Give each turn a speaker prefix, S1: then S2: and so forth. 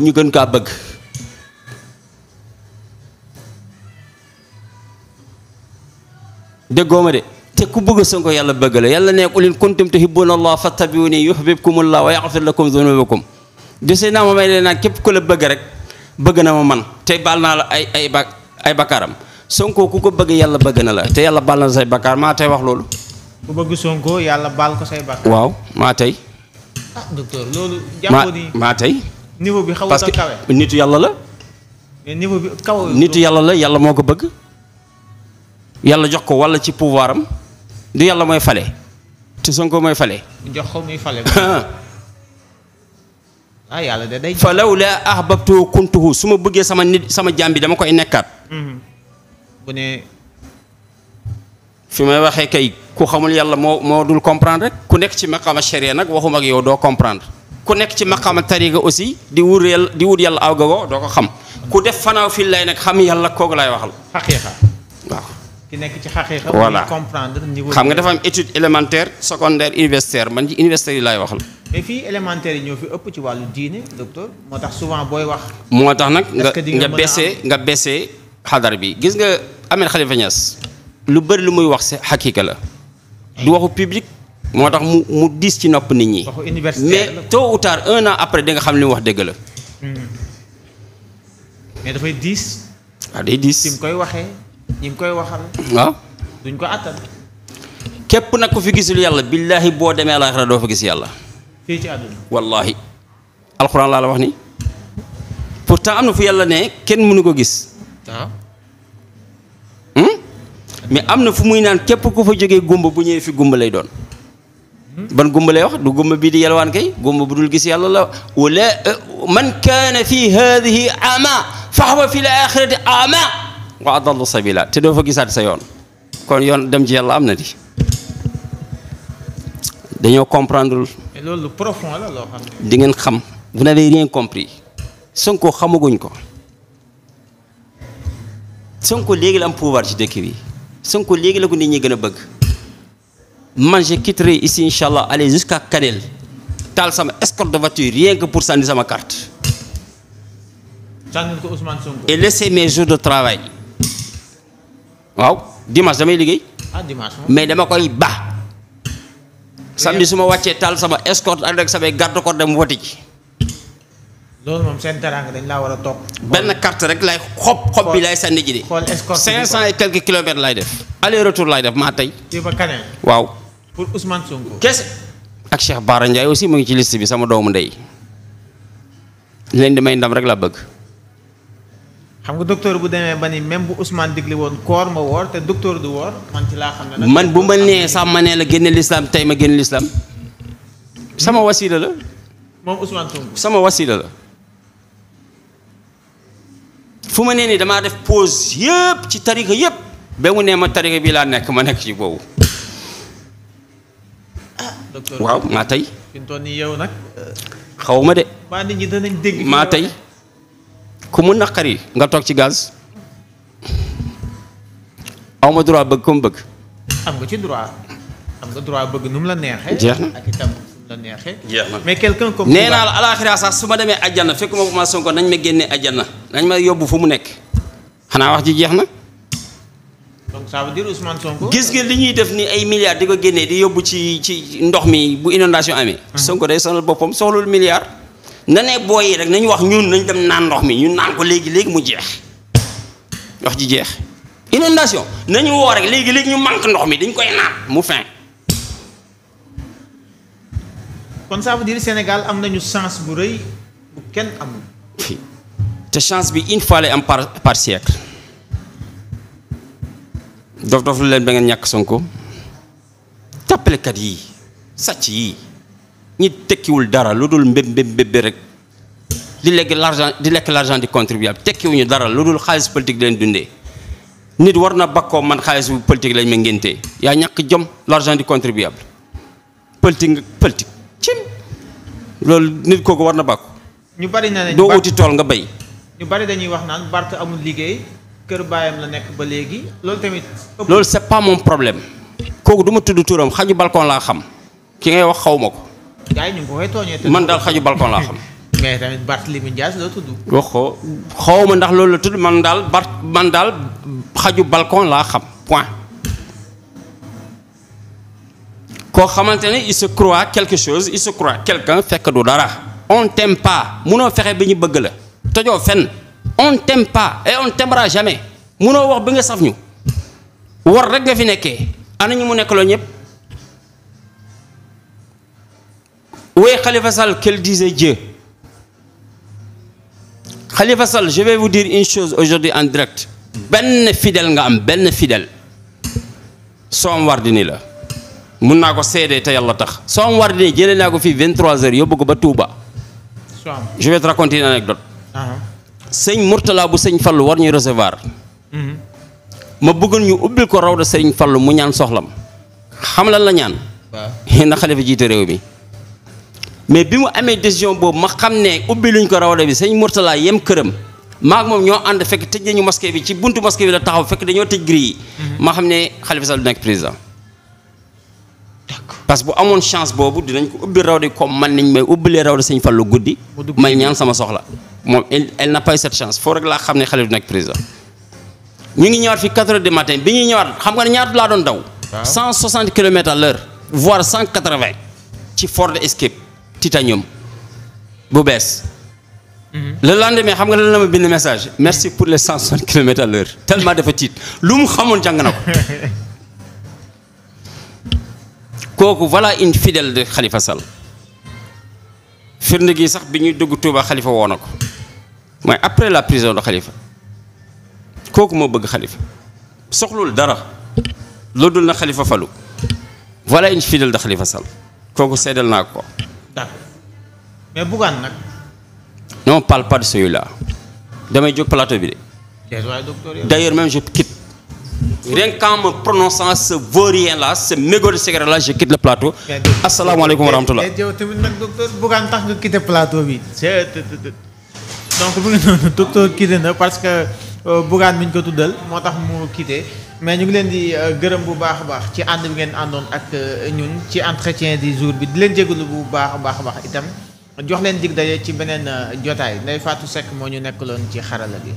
S1: ñu gën kaa bëgg déggoo ma de te ku bëgg Sonko yàlla bëgg la yàlla ne qul in kuntum tuhibbuna allah fattabi'uni yuhbibkumullah wa yaghfir lakum dhunubakum desee naa ma may leen naan képp ku la bëgg rek bëgg na ma man te baal naa la ay ay ba ay bakkaaram Sonko ku ko bëgg yàlla bëgg na la te yàlla baal na say bakkaar maa tey wax loolu.
S2: ku ko say bakkaar.
S1: waaw maa tey.
S2: Ah, maa tey. niveau bi xawul a kawe yàlla la. mais bi kaw nitu
S1: yàlla la yàlla moo ko bëgg. yàlla jox ko walla ci pouvoir am du yàlla mooy fale te Sonko mooy fale. jox ko muy fale. ah yàlla de day. fa lawlaa su ma bëggee sama nit sama jaam bi dama koy nekkaat. Mhm. fi may waxee kay ku xamul yàlla moo moo dul comprendre ku nekk ci maqaama sharia nag waxuma ak yow doo comprendre. ku nekk ci maqaama tariqa aussi di wut yàlla di wut yàlla aw gogo doo ko xam ku def fanaaw fii lay nag xam yàlla kooku lay waxal. xaqiiqa waaw. ki nekk ci
S2: xaqiiqa. voilà comprendre niveau. xam nga def am
S1: étude élémentaire secondaire universitaire man ci universitaire yi lay wax
S2: mais fii élémentaire yi fi ëpp ci wàllu diine docteur moo tax souvent booy wax.
S1: moo tax nag nga nga bese nga bese xadar bi gis nga amee Khalifa Niass lu bëri lu muy wax si xaqiiqa la. du waxu public moo tax mu mu diis ci nopp nit ñi. mais tôt ou tard un après di nga xam li wax dëgg la. Hmm. mais dafay diis. waaw ah, day diis koy waxee ñi
S2: koy waxal. waaw ah. ko attan.
S1: képp nag ku fi gisul yàlla billaahi boo demee àllaaxira doo fa gis yàlla. fii ci alxuraan laa la wax ni pour pourtant am na fu yàlla ne kenn mënu ko gis. waaw. Ah. Hmm? mais am na fu muy naan képp ku fa jógee gumba bu ñëwee fi gumba lay doon. ban gumba lay wax du gumba bii di yalwaan kay gumba bu dul gis yàlla la wala euh, man kaana fi hadihi ama faxwa fi l axirati ama wa adallu sabila te doo fa gisaat sa yoon kon yoon dem ci yàlla am na di dañoo comprendre
S2: loolu xam
S1: di ngeen xam vous n'avez rien compris Sonko xamaguñ ko Sonko léegi la am pouvoir ci dëkk bi Sonko léegi la ko nit ñi gën a bëgg man je quitterai ici incha allah aller jusqu'à Kanel taal sama escorte de voiture rien que pour sànni sama carte.
S2: sànni ko Ousmane Sonko. et laisser
S1: de travail waaw dimanche damay liggéey. ah dimanche mais dama koy ba. samedi su ma wàccee taal sama escorte ak rek samay garde corps dem woti ji.
S2: loolu moom seen dañ laa war a topp. benn carte rek lay xob xob bi lay sànni ji de. xool escorte 500 et
S1: quelques kilomètres lay def. aller retour lay def maa tey. fii waaw.
S2: pour Ousmane Sonko. kese
S1: ak Cheikh Bara Ndiaye aussi mu ngi ci liste bi sama doomu ndey leen di may ndam rek laa bëgg.
S2: xam nga docteur bu demee ba ni même bu Ousmane digli woon koor ma woor te docteur du woor man ci
S1: man bu ma nee sax ma nee la génne lislaam tey ma génne lislaam sama wasiila la. moom sama wasiila la. fu ma nee nii damaa def pause yëpp ci tarika yëpp ba mu nee ma tarika bii laa nekk ma nekk ci boobu. waaw maa tey.
S2: fi mu yow nag. Euh,
S1: xaw ma de. maa nit ñi dégg. maa tey ku mu naqari nga toog ci gaz. aw ma droit bëgg comme bëgg.
S2: am nga ci droit am nga droit bëgg nu la neexee. jeex na
S1: ak itam nu mu la jeex na mais quelqu'un comme. nee naa la alaaxira sax su ma demee àjjana fekk ma ko ma sonko nañ ma génnee àjjana dañ ma yóbbu fu mu nekk xanaa wax ji jeex na.
S2: donc ça veut dire Ousmane Sonko.
S1: gis nga li ñuy def ni ay milliards di ko génnee di yóbbu ci ci ndox mi bu inondation amee. Sonko day sonal boppam soxlul milliard. na ne booy yi rek nañu wax ñun nañ dem naan ndox mi ñun naan ko léegi léegi mu jeex wax ji jeex. inondation nañu woo rek léegi léegi ñu manque ndox mi dañ koy naan mu fin.
S2: kon ça veut dire Sénégal am nañu chance bu rëy bu kenn amul.
S1: te chance bi une fois lay am par par siècle. dof dof lu leen ba ngeen ñàkk Sonko tàppalekat yi sàcc yi ñi tekkiwul dara lu dul mbéb mbéb mbéb rek di lekk l'argent di lekk l'argent du contribuable tekkiwuñu dara lu dul xaalis politique leen dundee nit war na bakkoo man xaalis bu politique lañ ma ngéntee yaa ñàkk jom l'argent du contribuable politique politique cim loolu nit kooku war na bakku
S2: ñu bari na doo uti tool nga bay ñu liggéey kër baayam la nekk ba léegi loolu tamit.
S1: loolu c'est pas mon problème. kooku du ma tudd turam xaju balcon laa xam ki ngay wax xaw ma ko.
S2: gars man daal
S1: xaju balcon laa xam.
S2: mais tamit Barthélémy Dias la tudd.
S1: wax ko xaw ma ndax loolu la tudd man daal Bart man daal xaju balcon laa xam point. koo xamante ne il se croit quelque chose il se croit fekk du dara. on t'aime munoo fexe ba ñu bëgg la tojoo fenn. on t'aime pas et on t'aimera munoo wax bi nga saf ñu war rek nga fi nekkee ana ñu mu nekk loo ñëpp oui Khalifa Sall qu'elle disait Dieu Khalifa Sall je vais vous dire une chose aujourd'hui en direct benn fidèle nga am benn fidèle Soham Wardini la mun naa ko seede te yàlla tax Soham Wardini jëlee naa ko fii 23 heures yóbbu ko ba tuuba je vais te anecdote ah. sëñ Mourtala bu sëñ Fallu war ñu recevoir. Mhm. ma bëggoon ñu ubbil ko raw sëñ Fallu mu ñaan soxlam. xam lan la ñaan. waaw na xalifa jiite réew mi. mais bi mu amee décision boobu ma xam ne ubbi luñ ko rawda bi sëñ Mourtala yem këram maak moom ñoo ànd fekk tëj nañu mosquée bi ci buntu mosquée bi taxaw fekk dañoo tëj mhm. ma xam ne Khalifa Sall du nekk président. parce que bu amoon chance boobu dinañ ko ubbi rawda comme man nañ may ubbilee rawda sëñ Fallu guddi. may ñaan sama soxla. moom elle n'a pas eu cette chance foo rek laa xam ne xale du nekk président ñu ngi ñëwaat fii 4 heures matin bi ñuy ñëwaat xam nga ne ñaata laa doon daw. 160 kilomètres à l'heure voire 180 ci Ford Escape titanium bu bees. Mhm. le lendemain xam nga lan la ma bind message merci pour les 160 kilomètres à l'heure tellement dafa tiit lu mu xamoon jàng na ko. kooku voilà une fidèle de Khalifa Sall firnde gi sax bi ñuy dugg Touba Khalifa woo na ko. mooy après la prison de Khalifa kooku moo bëgg Khalifa soxlul dara loo dul na Khalifa falu voilà une fidèle de Khalifa sal kooku seddal naa ko.
S2: d'accord mais Bougane nag.
S1: non on parle pas de damay jóg plateau bi de. d'ailleurs même je quitte. rien qu'en me prononçant ce vaurien là ce mégot de cigarette là je quitte le plateau. asalaamaaleykum wa rahmatulah. mais
S2: yow tamit nag donc mu ngi noonu docteur quitté na parce que euh, Bougane mi ñu ko tuddal moo tax mu quitté mais ñu ngi leen di euh, gërëm bu baax a baax ci ànd bi ngeen àndoon ak euh, ñun ci entretien du jour bi di leen jégalu bu baax a baax a baax itam jox leen dig daje ci beneen jotaay Ndeye Fatou Seck moo ñu nekkaloon ci xarala bi.